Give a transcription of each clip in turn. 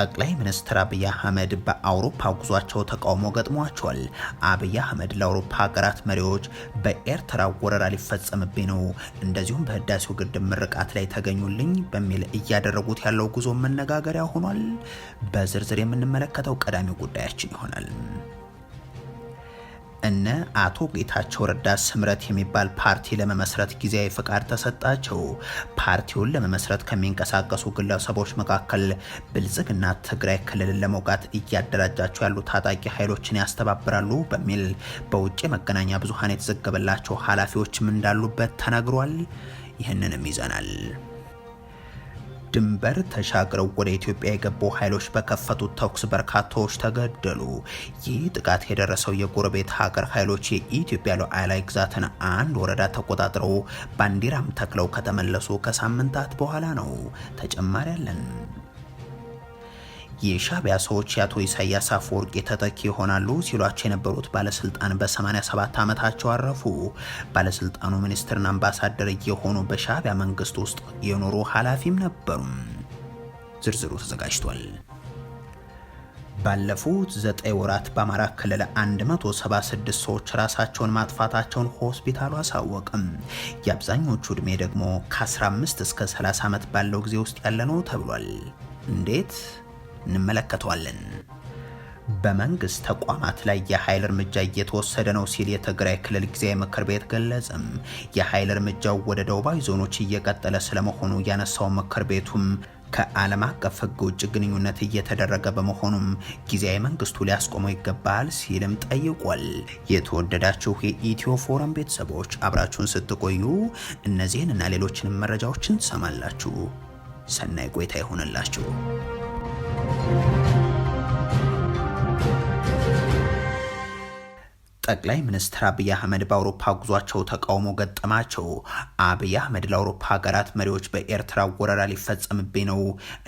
ጠቅላይ ሚኒስትር አብይ አህመድ በአውሮፓ ጉዟቸው ተቃውሞ ገጥሟቸዋል። አብይ አህመድ ለአውሮፓ ሀገራት መሪዎች በኤርትራ ወረራ ሊፈጸምብኝ ነው፣ እንደዚሁም በህዳሴው ግድብ ምርቃት ላይ ተገኙልኝ በሚል እያደረጉት ያለው ጉዞ መነጋገሪያ ሆኗል። በዝርዝር የምንመለከተው ቀዳሚ ጉዳያችን ይሆናል። እነ አቶ ጌታቸው ረዳ ስምረት የሚባል ፓርቲ ለመመስረት ጊዜያዊ ፍቃድ ተሰጣቸው። ፓርቲውን ለመመስረት ከሚንቀሳቀሱ ግለሰቦች መካከል ብልጽግና ትግራይ ክልልን ለመውጋት እያደራጃቸው ያሉ ታጣቂ ኃይሎችን ያስተባብራሉ በሚል በውጭ መገናኛ ብዙሃን የተዘገበላቸው ኃላፊዎችም እንዳሉበት ተናግሯል። ይህንንም ይዘናል። ድንበር ተሻግረው ወደ ኢትዮጵያ የገቡ ኃይሎች በከፈቱት ተኩስ በርካታዎች ተገደሉ። ይህ ጥቃት የደረሰው የጎረቤት ሀገር ኃይሎች የኢትዮጵያ ሉዓላዊ ግዛትን አንድ ወረዳ ተቆጣጥረው ባንዲራም ተክለው ከተመለሱ ከሳምንታት በኋላ ነው። ተጨማሪ አለን። የሻቢያ ሰዎች የአቶ ኢሳያስ አፈወርቂ ተተኪ ይሆናሉ ሲሏቸው የነበሩት ባለስልጣን በ87 ዓመታቸው አረፉ። ባለስልጣኑ ሚኒስትርና አምባሳደር እየሆኑ በሻቢያ መንግስት ውስጥ የኖሩ ኃላፊም ነበሩም። ዝርዝሩ ተዘጋጅቷል። ባለፉት ዘጠኝ ወራት በአማራ ክልል 176 ሰዎች ራሳቸውን ማጥፋታቸውን ሆስፒታሉ አሳወቅም። የአብዛኞቹ ዕድሜ ደግሞ ከ15 እስከ 30 ዓመት ባለው ጊዜ ውስጥ ያለ ነው ተብሏል። እንዴት እንመለከተዋለን። በመንግስት ተቋማት ላይ የኃይል እርምጃ እየተወሰደ ነው ሲል የትግራይ ክልል ጊዜያዊ ምክር ቤት ገለጸም። የኃይል እርምጃው ወደ ደቡባዊ ዞኖች እየቀጠለ ስለመሆኑ ያነሳው ምክር ቤቱም ከዓለም አቀፍ ሕግ ውጭ ግንኙነት እየተደረገ በመሆኑም ጊዜያዊ መንግስቱ ሊያስቆመው ይገባል ሲልም ጠይቋል። የተወደዳችሁ የኢትዮ ፎረም ቤተሰቦች አብራችሁን ስትቆዩ እነዚህን እና ሌሎችንም መረጃዎችን ትሰማላችሁ። ሰናይ ቆይታ ይሆንላችሁ። ጠቅላይ ሚኒስትር አብይ አህመድ በአውሮፓ ጉዟቸው ተቃውሞ ገጠማቸው። አብይ አህመድ ለአውሮፓ ሀገራት መሪዎች በኤርትራ ወረራ ሊፈጸምብኝ ነው፣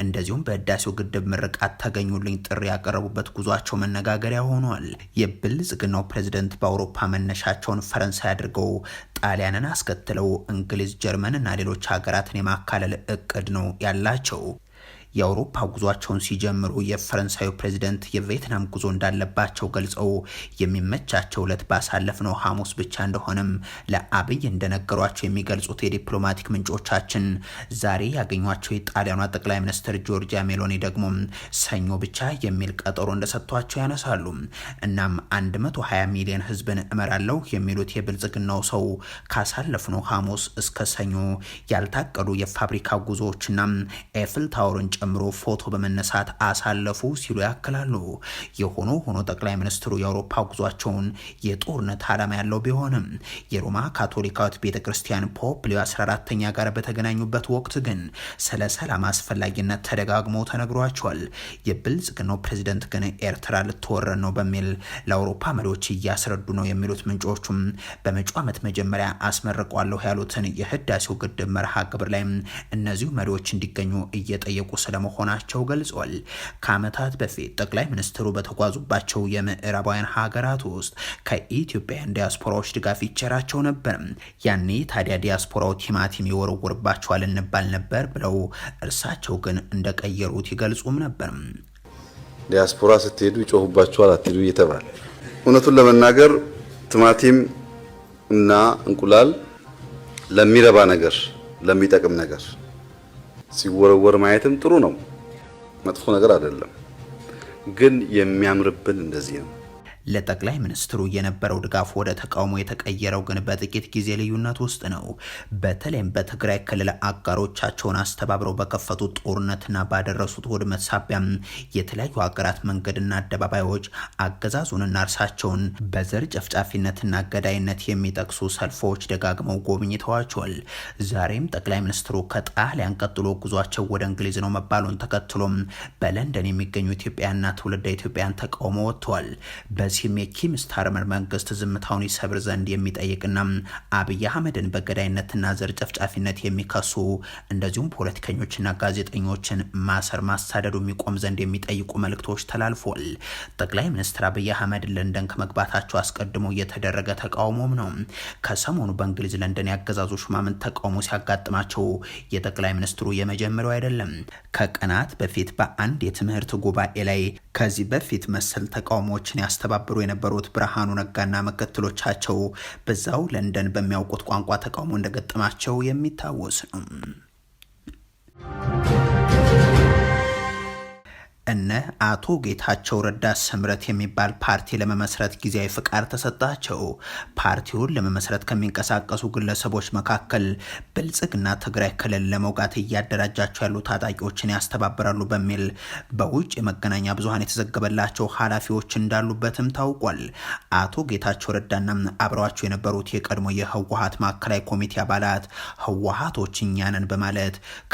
እንደዚሁም በህዳሴው ግድብ ምርቃት ተገኙልኝ ጥሪ ያቀረቡበት ጉዟቸው መነጋገሪያ ሆኗል። የብልጽግናው ፕሬዝደንት በአውሮፓ መነሻቸውን ፈረንሳይ አድርገው ጣሊያንን አስከትለው እንግሊዝ፣ ጀርመን እና ሌሎች ሀገራትን የማካለል እቅድ ነው ያላቸው። የአውሮፓ ጉዟቸውን ሲጀምሩ የፈረንሳዩ ፕሬዚደንት የቬትናም ጉዞ እንዳለባቸው ገልጸው የሚመቻቸው ዕለት ባሳለፍነው ሐሙስ ብቻ እንደሆነም ለአብይ እንደነገሯቸው የሚገልጹት የዲፕሎማቲክ ምንጮቻችን ዛሬ ያገኟቸው የጣሊያኗ ጠቅላይ ሚኒስትር ጆርጂያ ሜሎኒ ደግሞ ሰኞ ብቻ የሚል ቀጠሮ እንደሰጥቷቸው ያነሳሉ። እናም 120 ሚሊዮን ህዝብን እመራለሁ የሚሉት የብልጽግናው ሰው ካሳለፍነው ሐሙስ እስከ ሰኞ ያልታቀዱ የፋብሪካ ጉዞዎችና ኤፍል ታወርን ጨምሮ ፎቶ በመነሳት አሳለፉ ሲሉ ያክላሉ። የሆኖ ሆኖ ጠቅላይ ሚኒስትሩ የአውሮፓ ጉዟቸውን የጦርነት ዓላማ ያለው ቢሆንም የሮማ ካቶሊካዊት ቤተ ክርስቲያን ፖፕ ሊዮ 14ተኛ ጋር በተገናኙበት ወቅት ግን ስለ ሰላም አስፈላጊነት ተደጋግሞ ተነግሯቸዋል። የብልጽግናው ፕሬዚደንት ግን ኤርትራ ልትወረን ነው በሚል ለአውሮፓ መሪዎች እያስረዱ ነው የሚሉት ምንጮቹም በመጪው ዓመት መጀመሪያ አስመርቋለሁ ያሉትን የህዳሴው ግድብ መርሃ ግብር ላይ እነዚሁ መሪዎች እንዲገኙ እየጠየቁ ስለመሆናቸው ገልጿል። ከዓመታት በፊት ጠቅላይ ሚኒስትሩ በተጓዙባቸው የምዕራባውያን ሀገራት ውስጥ ከኢትዮጵያውያን ዲያስፖራዎች ድጋፍ ይቸራቸው ነበር። ያኔ ታዲያ ዲያስፖራው ቲማቲም ይወረውርባቸዋል እንባል ነበር ብለው እርሳቸው ግን እንደቀየሩት ይገልጹም ነበር። ዲያስፖራ ስትሄዱ ይጮሁባችኋል፣ አትሄዱ እየተባለ እውነቱን ለመናገር ቲማቲም እና እንቁላል ለሚረባ ነገር ለሚጠቅም ነገር ሲወረወር ማየትም ጥሩ ነው፣ መጥፎ ነገር አይደለም። ግን የሚያምርብን እንደዚህ ነው። ለጠቅላይ ሚኒስትሩ የነበረው ድጋፍ ወደ ተቃውሞ የተቀየረው ግን በጥቂት ጊዜ ልዩነት ውስጥ ነው። በተለይም በትግራይ ክልል አጋሮቻቸውን አስተባብረው በከፈቱት ጦርነትና ባደረሱት ውድመት ሳቢያም የተለያዩ ሀገራት መንገድና አደባባዮች አገዛዙንና እርሳቸውን በዘር ጨፍጫፊነትና ገዳይነት የሚጠቅሱ ሰልፎች ደጋግመው ጎብኝተዋቸዋል። ዛሬም ጠቅላይ ሚኒስትሩ ከጣሊያን ቀጥሎ ጉዟቸው ወደ እንግሊዝ ነው መባሉን ተከትሎም በለንደን የሚገኙ ኢትዮጵያና ትውልደ ኢትዮጵያን ተቃውሞ ወጥተዋል። ለዚህም የኪም ስታርመር መንግስት ዝምታውን ይሰብር ዘንድ የሚጠይቅና አብይ አህመድን በገዳይነትና ዘር ጨፍጫፊነት የሚከሱ እንደዚሁም ፖለቲከኞችና ጋዜጠኞችን ማሰር ማሳደዱ የሚቆም ዘንድ የሚጠይቁ መልእክቶች ተላልፏል። ጠቅላይ ሚኒስትር አብይ አህመድ ለንደን ከመግባታቸው አስቀድሞ እየተደረገ ተቃውሞም ነው። ከሰሞኑ በእንግሊዝ ለንደን ያገዛዙ ሹማምንት ተቃውሞ ሲያጋጥማቸው የጠቅላይ ሚኒስትሩ የመጀመሪያው አይደለም። ከቀናት በፊት በአንድ የትምህርት ጉባኤ ላይ ከዚህ በፊት መሰል ተቃውሞዎችን ያስተባ ሲያስተባብሩ የነበሩት ብርሃኑ ነጋና መከተሎቻቸው በዛው ለንደን በሚያውቁት ቋንቋ ተቃውሞ እንደገጠማቸው የሚታወስ ነው። እነ አቶ ጌታቸው ረዳ ስምረት የሚባል ፓርቲ ለመመስረት ጊዜያዊ ፍቃድ ተሰጣቸው። ፓርቲውን ለመመስረት ከሚንቀሳቀሱ ግለሰቦች መካከል ብልጽግና ትግራይ ክልል ለመውጋት እያደራጃቸው ያሉ ታጣቂዎችን ያስተባብራሉ በሚል በውጭ የመገናኛ ብዙኃን የተዘገበላቸው ኃላፊዎች እንዳሉበትም ታውቋል። አቶ ጌታቸው ረዳና አብረዋቸው የነበሩት የቀድሞ የህወሀት ማዕከላዊ ኮሚቴ አባላት ህወሀቶች እኛንን በማለት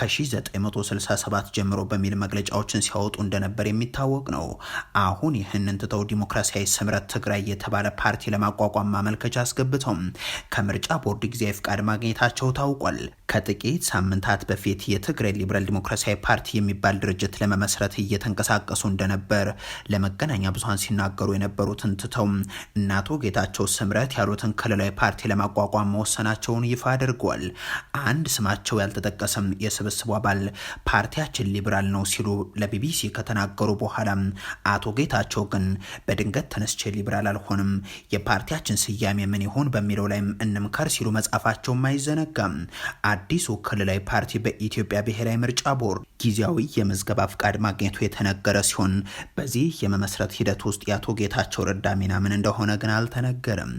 ከ1967 ጀምሮ በሚል መግለጫዎችን ሲያወጡ እንደነበ እንደነበር የሚታወቅ ነው። አሁን ይህንን ትተው ዲሞክራሲያዊ ስምረት ትግራይ የተባለ ፓርቲ ለማቋቋም ማመልከቻ አስገብተው ከምርጫ ቦርድ ጊዜያዊ ፍቃድ ማግኘታቸው ታውቋል። ከጥቂት ሳምንታት በፊት የትግራይ ሊበራል ዲሞክራሲያዊ ፓርቲ የሚባል ድርጅት ለመመስረት እየተንቀሳቀሱ እንደነበር ለመገናኛ ብዙሀን ሲናገሩ የነበሩትን ትተው እና አቶ ጌታቸው ስምረት ያሉትን ክልላዊ ፓርቲ ለማቋቋም መወሰናቸውን ይፋ አድርገዋል። አንድ ስማቸው ያልተጠቀሰም የስብስቡ አባል ፓርቲያችን ሊበራል ነው ሲሉ ለቢቢሲ ከተናገሩ በኋላም አቶ ጌታቸው ግን በድንገት ተነስቼ ሊብራል አልሆንም፣ የፓርቲያችን ስያሜ ምን ይሆን በሚለው ላይም እንምከር ሲሉ መጻፋቸውም አይዘነጋም። አዲሱ ክልላዊ ፓርቲ በኢትዮጵያ ብሔራዊ ምርጫ ቦርድ ጊዜያዊ የምዝገባ ፍቃድ ማግኘቱ የተነገረ ሲሆን በዚህ የመመስረት ሂደት ውስጥ የአቶ ጌታቸው ረዳ ሚና ምን እንደሆነ ግን አልተነገረም።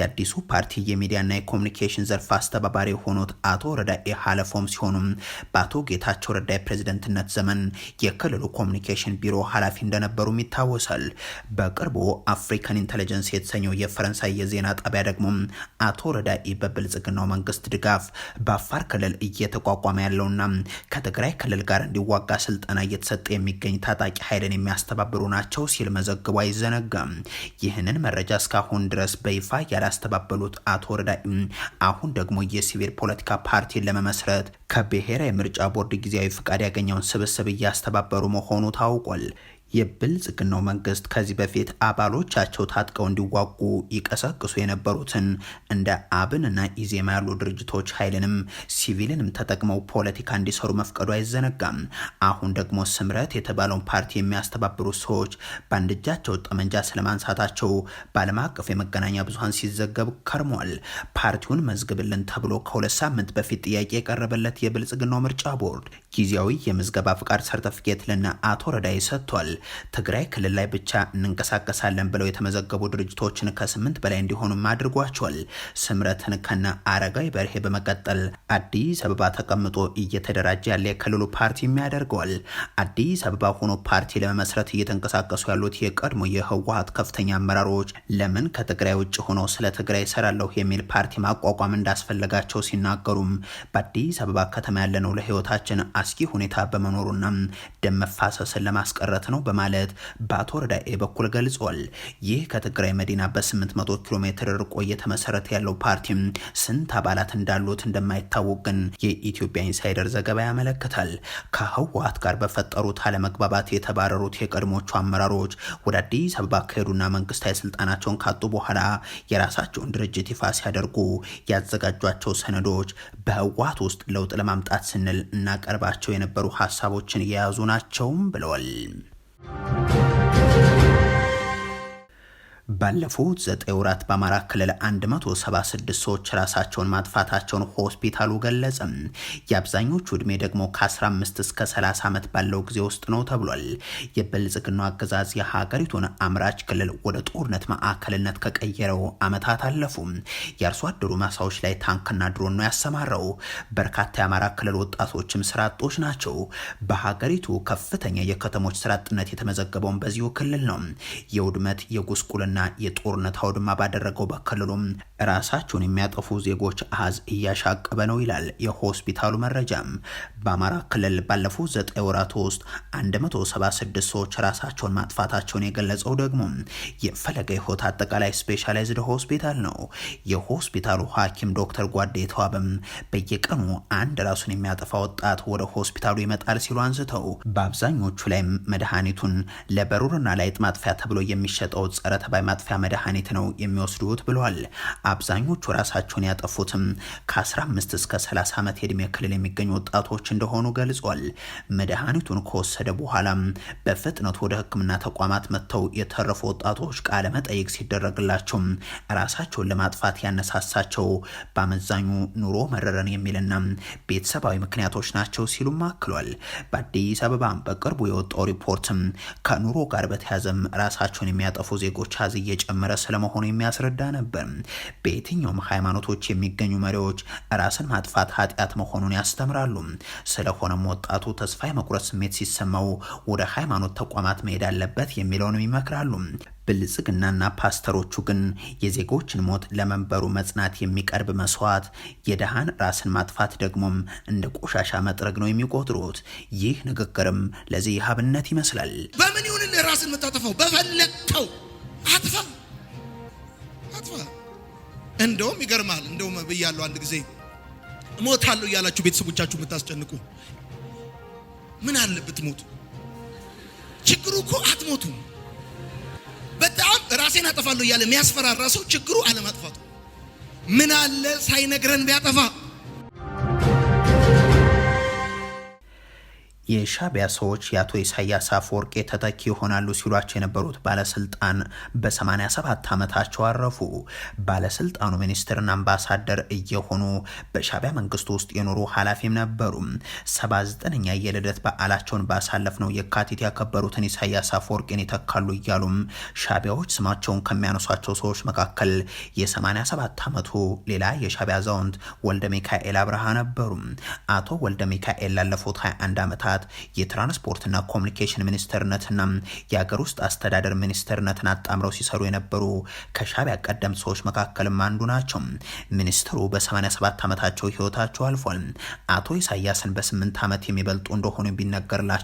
የአዲሱ ፓርቲ የሚዲያና የኮሚኒኬሽን ዘርፍ አስተባባሪ የሆኑት አቶ ረዳኤ ሀለፎም ሲሆኑም በአቶ ጌታቸው ረዳ የፕሬዝደንትነት ዘመን የክልሉ ኮሚኒኬሽን ኮሚኒኬሽን ቢሮ ኃላፊ እንደነበሩም ይታወሳል። በቅርቡ አፍሪካን ኢንተለጀንስ የተሰኘው የፈረንሳይ የዜና ጣቢያ ደግሞ አቶ ረዳኢ በብልጽግናው መንግስት ድጋፍ በአፋር ክልል እየተቋቋመ ያለውና ከትግራይ ክልል ጋር እንዲዋጋ ስልጠና እየተሰጠ የሚገኝ ታጣቂ ኃይልን የሚያስተባብሩ ናቸው ሲል መዘግቡ አይዘነጋም። ይህንን መረጃ እስካሁን ድረስ በይፋ ያላስተባበሉት አቶ ረዳኢ አሁን ደግሞ የሲቪል ፖለቲካ ፓርቲን ለመመስረት ከብሔራዊ ምርጫ ቦርድ ጊዜያዊ ፍቃድ ያገኘውን ስብስብ እያስተባበሩ መሆኑ ታውቋል። የብልጽግናው መንግስት ከዚህ በፊት አባሎቻቸው ታጥቀው እንዲዋጉ ይቀሰቅሱ የነበሩትን እንደ አብንና ኢዜማ ያሉ ድርጅቶች ኃይልንም ሲቪልንም ተጠቅመው ፖለቲካ እንዲሰሩ መፍቀዱ አይዘነጋም። አሁን ደግሞ ስምረት የተባለውን ፓርቲ የሚያስተባብሩ ሰዎች በአንድ እጃቸው ጠመንጃ ስለማንሳታቸው በዓለም አቀፍ የመገናኛ ብዙሀን ሲዘገብ ከርሟል። ፓርቲውን መዝግብልን ተብሎ ከሁለት ሳምንት በፊት ጥያቄ የቀረበለት የብልጽግናው ምርጫ ቦርድ ጊዜያዊ የምዝገባ ፍቃድ ሰርተፍኬት ለነ አቶ ረዳይ ሰጥቷል። ትግራይ ክልል ላይ ብቻ እንንቀሳቀሳለን ብለው የተመዘገቡ ድርጅቶችን ከስምንት በላይ እንዲሆኑም አድርጓቸዋል። ስምረትን ከነ አረጋዊ በርሄ በመቀጠል አዲስ አበባ ተቀምጦ እየተደራጀ ያለ የክልሉ ፓርቲ ያደርገዋል። አዲስ አበባ ሆኖ ፓርቲ ለመመስረት እየተንቀሳቀሱ ያሉት የቀድሞ የህወሀት ከፍተኛ አመራሮች ለምን ከትግራይ ውጭ ሆኖ ስለ ትግራይ ይሰራለሁ የሚል ፓርቲ ማቋቋም እንዳስፈለጋቸው ሲናገሩም በአዲስ አበባ ከተማ ያለነው ለህይወታችን አስጊ ሁኔታ በመኖሩና ደም መፋሰስን ለማስቀረት ነው በማለት በአቶ ረዳኤ በኩል ገልጿል። ይህ ከትግራይ መዲና በ800 ኪሎ ሜትር ርቆ እየተመሰረተ ያለው ፓርቲም ስንት አባላት እንዳሉት እንደማይታወቅ ግን የኢትዮጵያ ኢንሳይደር ዘገባ ያመለክታል። ከህወሀት ጋር በፈጠሩት አለመግባባት የተባረሩት የቀድሞቹ አመራሮች ወደ አዲስ አበባ ከሄዱና መንግስታዊ ስልጣናቸውን ካጡ በኋላ የራሳቸውን ድርጅት ይፋ ሲያደርጉ ያዘጋጇቸው ሰነዶች በህወሀት ውስጥ ለውጥ ለማምጣት ስንል እናቀርባቸው የነበሩ ሀሳቦችን የያዙ ናቸውም ብለዋል። Bye. ባለፉት ዘጠኝ ወራት በአማራ ክልል 176 ሰዎች ራሳቸውን ማጥፋታቸውን ሆስፒታሉ ገለጸ። የአብዛኞቹ ዕድሜ ደግሞ ከ15 እስከ 30 ዓመት ባለው ጊዜ ውስጥ ነው ተብሏል። የብልጽግናው አገዛዝ የሀገሪቱን አምራች ክልል ወደ ጦርነት ማዕከልነት ከቀየረው ዓመታት አለፉ። የአርሶ አደሩ ማሳዎች ላይ ታንክና ድሮን ነው ያሰማራው። በርካታ የአማራ ክልል ወጣቶችም ስራ አጦች ናቸው። በሀገሪቱ ከፍተኛ የከተሞች ስራ አጥነት የተመዘገበውን በዚሁ ክልል ነው። የውድመት የጉስቁልና የጦርነት አውድማ ባደረገው በክልሉም ራሳቸውን የሚያጠፉ ዜጎች አሃዝ እያሻቀበ ነው ይላል የሆስፒታሉ መረጃም። በአማራ ክልል ባለፉት ዘጠኝ ወራት ውስጥ 176 ሰዎች ራሳቸውን ማጥፋታቸውን የገለጸው ደግሞ የፈለገ ሕይወት አጠቃላይ ስፔሻላይዝድ ሆስፒታል ነው። የሆስፒታሉ ሐኪም ዶክተር ጓዴ ተዋበም በየቀኑ አንድ ራሱን የሚያጠፋ ወጣት ወደ ሆስፒታሉ ይመጣል ሲሉ አንስተው በአብዛኞቹ ላይ መድኃኒቱን ለበሩርና ለአይጥ ማጥፊያ ተብሎ የሚሸጠው ጸረ ተባይ ማጥፊያ መድኃኒት ነው የሚወስዱት ብለዋል። አብዛኞቹ ራሳቸውን ያጠፉትም ከ15 እስከ 30 ዓመት የዕድሜ ክልል የሚገኙ ወጣቶች እንደሆኑ ገልጿል። መድኃኒቱን ከወሰደ በኋላም በፍጥነት ወደ ሕክምና ተቋማት መጥተው የተረፉ ወጣቶች ቃለ መጠይቅ ሲደረግላቸው ራሳቸውን ለማጥፋት ያነሳሳቸው በአመዛኙ ኑሮ መረረን የሚልና ቤተሰባዊ ምክንያቶች ናቸው ሲሉም አክሏል። በአዲስ አበባ በቅርቡ የወጣው ሪፖርትም ከኑሮ ጋር በተያዘም ራሳቸውን የሚያጠፉ ዜጎች አሃዝ እየጨመረ ስለመሆኑ የሚያስረዳ ነበር። በየትኛውም ሃይማኖቶች የሚገኙ መሪዎች ራስን ማጥፋት ኃጢአት መሆኑን ያስተምራሉ። ስለሆነም ወጣቱ ተስፋ የመቁረጥ ስሜት ሲሰማው ወደ ሃይማኖት ተቋማት መሄድ አለበት የሚለውንም ይመክራሉ። ብልጽግናና ፓስተሮቹ ግን የዜጎችን ሞት ለመንበሩ መጽናት የሚቀርብ መስዋዕት፣ የድሃን ራስን ማጥፋት ደግሞም እንደ ቆሻሻ መጥረግ ነው የሚቆጥሩት። ይህ ንግግርም ለዚህ አብነት ይመስላል። በምን ይሁን ራስን የምታጠፋው በፈለግከው አጥፋ አጥፋ። እንደውም ይገርማል። እንደውም ብያለሁ አንድ ጊዜ እሞታለሁ እያላችሁ ቤተሰቦቻችሁ የምታስጨንቁ ምን አለበት ሞቱ? ችግሩ እኮ አትሞቱም። በጣም ራሴን አጠፋለሁ እያለ የሚያስፈራራ ሰው ችግሩ አለማጥፋቱ ምን አለ ሳይነግረን ቢያጠፋ የሻቢያ ሰዎች የአቶ ኢሳያስ አፈወርቄ ተተኪ ይሆናሉ ሲሏቸው የነበሩት ባለስልጣን በ87 ዓመታቸው አረፉ። ባለስልጣኑ ሚኒስትርና አምባሳደር እየሆኑ በሻቢያ መንግስት ውስጥ የኖሩ ኃላፊም ነበሩ። 79ኛ የልደት በዓላቸውን ባሳለፍነው የካቲት ያከበሩትን ኢሳያስ አፈወርቄን ይተካሉ እያሉም ሻቢያዎች ስማቸውን ከሚያነሷቸው ሰዎች መካከል የ87 ዓመቱ ሌላ የሻቢያ አዛውንት ወልደ ሚካኤል አብርሃ ነበሩ። አቶ ወልደ ሚካኤል ላለፉት 21 ዓመታት ሚኒስትርነት፣ የትራንስፖርትና ኮሚኒኬሽን ሚኒስትርነትና የአገር ውስጥ አስተዳደር ሚኒስትርነትን አጣምረው ሲሰሩ የነበሩ ከሻቢያ ቀደምት ሰዎች መካከልም አንዱ ናቸው። ሚኒስትሩ በ87 ዓመታቸው ህይወታቸው አልፏል። አቶ ኢሳያስን በስምንት ዓመት የሚበልጡ እንደሆኑ ቢነገርላቸው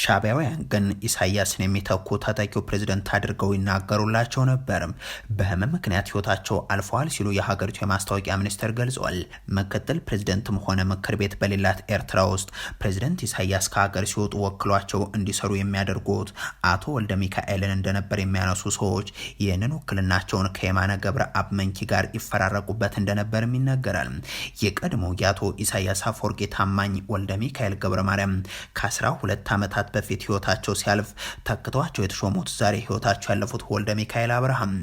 ሻቢያውያን ግን ኢሳያስን የሚተኩ ታጣቂው ፕሬዝደንት አድርገው ይናገሩላቸው ነበር። በህመም ምክንያት ህይወታቸው አልፈዋል ሲሉ የሀገሪቱ የማስታወቂያ ሚኒስትር ገልጸዋል። ምክትል ፕሬዝደንትም ሆነ ምክር ቤት በሌላት ኤርትራ ውስጥ ፕሬዝደንት ኢሳያስ ኤልያስ ከሀገር ሲወጡ ወክሏቸው እንዲሰሩ የሚያደርጉት አቶ ወልደ ሚካኤልን እንደነበር የሚያነሱ ሰዎች ይህንን ውክልናቸውን ከየማነ ገብረ አብ መንኪ ጋር ይፈራረቁበት እንደነበርም ይነገራል። የቀድሞው የአቶ ኢሳያስ አፈወርቂ ታማኝ ወልደ ሚካኤል ገብረ ማርያም ከአስራ ሁለት ዓመታት በፊት ህይወታቸው ሲያልፍ ተክተዋቸው የተሾሙት ዛሬ ህይወታቸው ያለፉት ወልደ ሚካኤል አብርሃም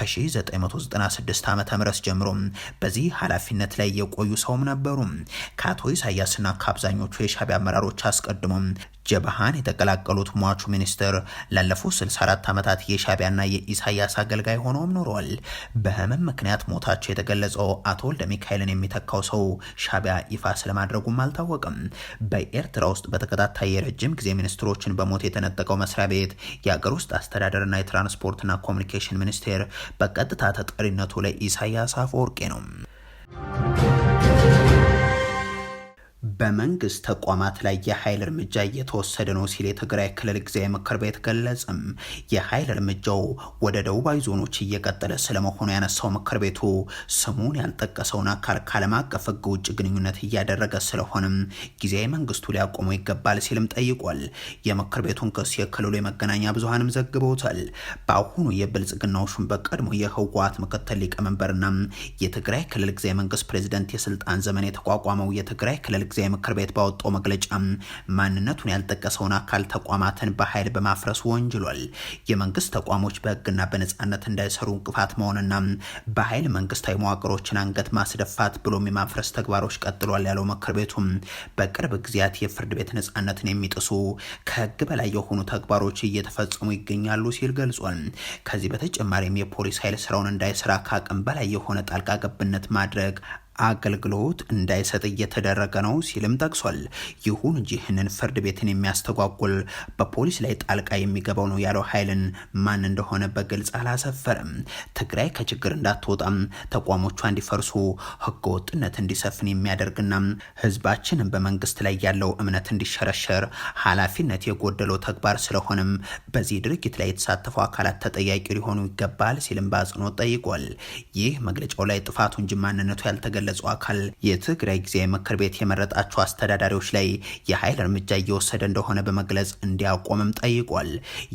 ከ1996 ዓ ም ጀምሮ በዚህ ኃላፊነት ላይ የቆዩ ሰውም ነበሩ። ከአቶ ኢሳያስና ከአብዛኞቹ የሻቢያ አመራሮች አስቀድሞም ጀብሃን የተቀላቀሉት ሟቹ ሚኒስትር ላለፉት 64 ዓመታት የሻቢያና የኢሳያስ አገልጋይ ሆነውም ኖረዋል። በህመም ምክንያት ሞታቸው የተገለጸው አቶ ወልደ ሚካኤልን የሚተካው ሰው ሻቢያ ይፋ ስለማድረጉም አልታወቅም። በኤርትራ ውስጥ በተከታታይ የረጅም ጊዜ ሚኒስትሮችን በሞት የተነጠቀው መስሪያ ቤት የአገር ውስጥ አስተዳደርና የትራንስፖርትና ኮሚኒኬሽን ሚኒስቴር በቀጥታ ተጠሪነቱ ለኢሳያስ አፈወርቄ ነው። በመንግስት ተቋማት ላይ የኃይል እርምጃ እየተወሰደ ነው ሲል የትግራይ ክልል ጊዜያዊ ምክር ቤት ገለጽም። የኃይል እርምጃው ወደ ደቡባዊ ዞኖች እየቀጠለ ስለመሆኑ ያነሳው ምክር ቤቱ ስሙን ያልጠቀሰውን አካል ከዓለም አቀፍ ሕግ ውጭ ግንኙነት እያደረገ ስለሆነም ጊዜያዊ መንግስቱ ሊያቆሙ ይገባል ሲልም ጠይቋል። የምክር ቤቱን ክስ የክልሉ የመገናኛ ብዙሀንም ዘግበውታል። በአሁኑ የብልጽግናው ሹም በቀድሞ የህወሓት ምክትል ሊቀመንበርና የትግራይ ክልል ጊዜያዊ መንግስት ፕሬዚደንት የስልጣን ዘመን የተቋቋመው የትግራይ ክልል ጊዜ ጉዳይ ምክር ቤት ባወጣው መግለጫ ማንነቱን ያልጠቀሰውን አካል ተቋማትን በኃይል በማፍረስ ወንጅሏል። የመንግስት ተቋሞች በህግና በነጻነት እንዳይሰሩ እንቅፋት መሆንና በኃይል መንግስታዊ መዋቅሮችን አንገት ማስደፋት ብሎም የማፍረስ ተግባሮች ቀጥሏል ያለው ምክር ቤቱም በቅርብ ጊዜያት የፍርድ ቤት ነጻነትን የሚጥሱ ከህግ በላይ የሆኑ ተግባሮች እየተፈጸሙ ይገኛሉ ሲል ገልጿል። ከዚህ በተጨማሪም የፖሊስ ኃይል ስራውን እንዳይሰራ ከአቅም በላይ የሆነ ጣልቃ ገብነት ማድረግ አገልግሎት እንዳይሰጥ እየተደረገ ነው ሲልም ጠቅሷል። ይሁን እንጂ ይህንን ፍርድ ቤትን የሚያስተጓጉል በፖሊስ ላይ ጣልቃ የሚገባው ነው ያለው ኃይልን ማን እንደሆነ በግልጽ አላሰፈርም። ትግራይ ከችግር እንዳትወጣም ተቋሞቿ እንዲፈርሱ ህገወጥነት እንዲሰፍን የሚያደርግና ህዝባችንን በመንግስት ላይ ያለው እምነት እንዲሸረሸር ኃላፊነት የጎደለው ተግባር ስለሆነም በዚህ ድርጊት ላይ የተሳተፉ አካላት ተጠያቂ ሊሆኑ ይገባል ሲልም በአጽንኦት ጠይቋል። ይህ መግለጫው ላይ ጥፋቱ እንጂ ማንነቱ ያልተገ የገለጸው አካል የትግራይ ጊዜያዊ ምክር ቤት የመረጣቸው አስተዳዳሪዎች ላይ የኃይል እርምጃ እየወሰደ እንደሆነ በመግለጽ እንዲያቆምም ጠይቋል።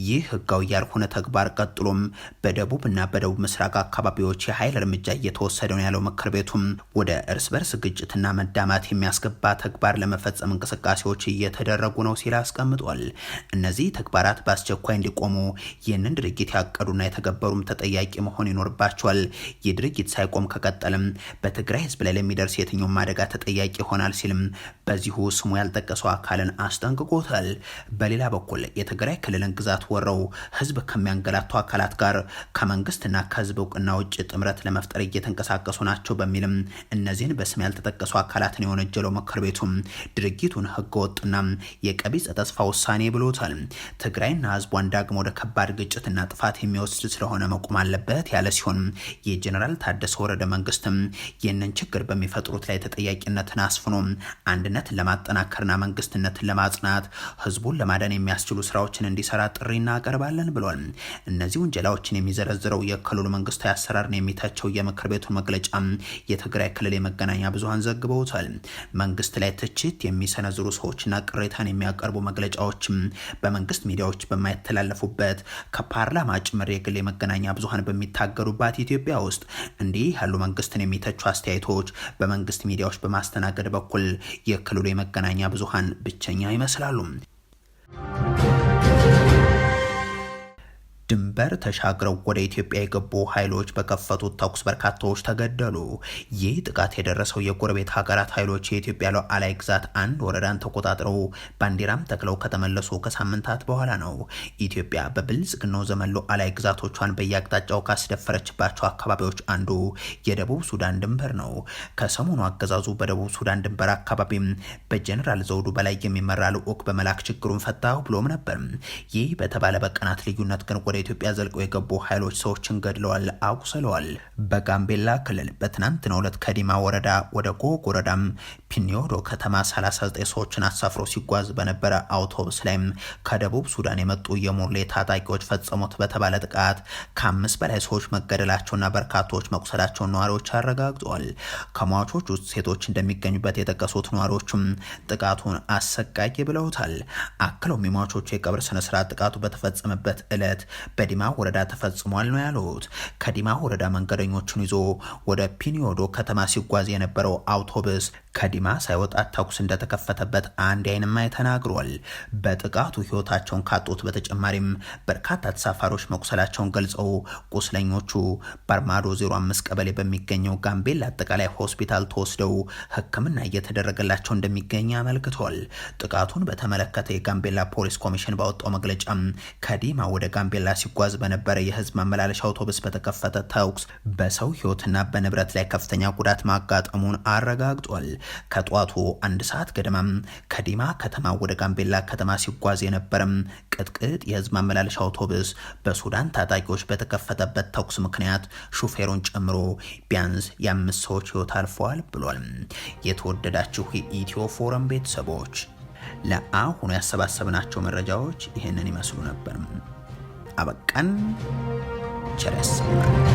ይህ ህጋዊ ያልሆነ ተግባር ቀጥሎም በደቡብ እና በደቡብ ምስራቅ አካባቢዎች የኃይል እርምጃ እየተወሰደ ነው ያለው ምክር ቤቱም ወደ እርስ በርስ ግጭትና መዳማት የሚያስገባ ተግባር ለመፈጸም እንቅስቃሴዎች እየተደረጉ ነው ሲል አስቀምጧል። እነዚህ ተግባራት በአስቸኳይ እንዲቆሙ ይህንን ድርጊት ያቀዱና የተገበሩም ተጠያቂ መሆን ይኖርባቸዋል። ይህ ድርጊት ሳይቆም ከቀጠልም በትግራይ ላይ ለሚደርስ የትኛውም አደጋ ተጠያቂ ይሆናል ሲልም በዚሁ ስሙ ያልጠቀሰው አካልን አስጠንቅቆታል። በሌላ በኩል የትግራይ ክልልን ግዛት ወረው ህዝብ ከሚያንገላቱ አካላት ጋር ከመንግስትና ከህዝብ እውቅና ውጭ ጥምረት ለመፍጠር እየተንቀሳቀሱ ናቸው በሚልም እነዚህን በስም ያልተጠቀሱ አካላትን የወነጀለው ምክር ቤቱም ድርጊቱን ህገወጥና የቀቢጸ ተስፋ ውሳኔ ብሎታል። ትግራይና ህዝቧን ዳግም ወደ ከባድ ግጭትና ጥፋት የሚወስድ ስለሆነ መቆም አለበት ያለ ሲሆን የጀኔራል ታደሰ ወረደ መንግስትም ይህንን ችግር በሚፈጥሩት ላይ ተጠያቂነትን አስፍኖ አንድነትን ለማጠናከርና መንግስትነትን ለማጽናት ህዝቡን ለማዳን የሚያስችሉ ስራዎችን እንዲሰራ ጥሪ እናቀርባለን ብሏል። እነዚህ ውንጀላዎችን የሚዘረዝረው የክልሉ መንግስታዊ አሰራርን የሚታቸው የምክር ቤቱን መግለጫ የትግራይ ክልል የመገናኛ ብዙሀን ዘግበውታል። መንግስት ላይ ትችት የሚሰነዝሩ ሰዎችና ቅሬታን የሚያቀርቡ መግለጫዎችም በመንግስት ሚዲያዎች በማይተላለፉበት ከፓርላማ ጭምር የግል የመገናኛ ብዙሀን በሚታገሩባት ኢትዮጵያ ውስጥ እንዲህ ያሉ መንግስትን የሚተቹ አስተያየቶች መግለጫዎች በመንግስት ሚዲያዎች በማስተናገድ በኩል የክልሉ የመገናኛ ብዙሃን ብቸኛ ይመስላሉ። ድንበር ተሻግረው ወደ ኢትዮጵያ የገቡ ኃይሎች በከፈቱት ተኩስ በርካታዎች ተገደሉ። ይህ ጥቃት የደረሰው የጎረቤት ሀገራት ኃይሎች የኢትዮጵያ ሉዓላዊ ግዛት አንድ ወረዳን ተቆጣጥረው ባንዲራም ተክለው ከተመለሱ ከሳምንታት በኋላ ነው። ኢትዮጵያ በብልጽግናው ዘመን ሉዓላዊ ግዛቶቿን በየአቅጣጫው ካስደፈረችባቸው አካባቢዎች አንዱ የደቡብ ሱዳን ድንበር ነው። ከሰሞኑ አገዛዙ በደቡብ ሱዳን ድንበር አካባቢም በጀኔራል ዘውዱ በላይ የሚመራ ልዑክ በመላክ ችግሩን ፈታሁ ብሎም ነበር። ይህ በተባለ በቀናት ልዩነት ግን ወደ ኢትዮጵያ ዘልቀው የገቡ ኃይሎች ሰዎችን ገድለዋል፣ አቁሰለዋል። በጋምቤላ ክልል በትናንትናው ዕለት ከዲማ ወረዳ ወደ ጎግ ወረዳም ፒኒዮዶ ከተማ 39 ሰዎችን አሳፍሮ ሲጓዝ በነበረ አውቶቡስ ላይም ከደቡብ ሱዳን የመጡ የሞርሌ ታጣቂዎች ፈጸሙት በተባለ ጥቃት ከአምስት በላይ ሰዎች መገደላቸውና በርካቶች መቁሰላቸውን ነዋሪዎች አረጋግጠዋል። ከሟቾች ውስጥ ሴቶች እንደሚገኙበት የጠቀሱት ነዋሪዎችም ጥቃቱን አሰቃቂ ብለውታል። አክለውም የሟቾቹ የቀብር ስነስርዓት ጥቃቱ በተፈጸመበት ዕለት በዲማ ወረዳ ተፈጽሟል ነው ያሉት። ከዲማ ወረዳ መንገደኞቹን ይዞ ወደ ፒኒዮዶ ከተማ ሲጓዝ የነበረው አውቶብስ ከዲማ ሳይወጣ ተኩስ እንደተከፈተበት አንድ አይንማይ ተናግሯል። በጥቃቱ ህይወታቸውን ካጡት በተጨማሪም በርካታ ተሳፋሪዎች መቁሰላቸውን ገልጸው ቁስለኞቹ በአርማዶ 05 ቀበሌ በሚገኘው ጋምቤላ አጠቃላይ ሆስፒታል ተወስደው ሕክምና እየተደረገላቸው እንደሚገኝ አመልክቷል። ጥቃቱን በተመለከተ የጋምቤላ ፖሊስ ኮሚሽን ባወጣው መግለጫም ከዲማ ወደ ጋምቤላ ሲጓዝ በነበረ የህዝብ ማመላለሻ አውቶቡስ በተከፈተ ተኩስ በሰው ህይወትና በንብረት ላይ ከፍተኛ ጉዳት ማጋጠሙን አረጋግጧል። ከጧቱ አንድ ሰዓት ገደማም ከዲማ ከተማ ወደ ጋምቤላ ከተማ ሲጓዝ የነበረም ቅጥቅጥ የህዝብ ማመላለሻ አውቶቡስ በሱዳን ታጣቂዎች በተከፈተበት ተኩስ ምክንያት ሹፌሩን ጨምሮ ቢያንስ የአምስት ሰዎች ህይወት አልፈዋል ብሏል። የተወደዳችሁ የኢትዮ ፎረም ቤተሰቦች ለአሁኑ ያሰባሰብናቸው መረጃዎች ይህንን ይመስሉ ነበር። አበቃን። ቸር ያሰማን።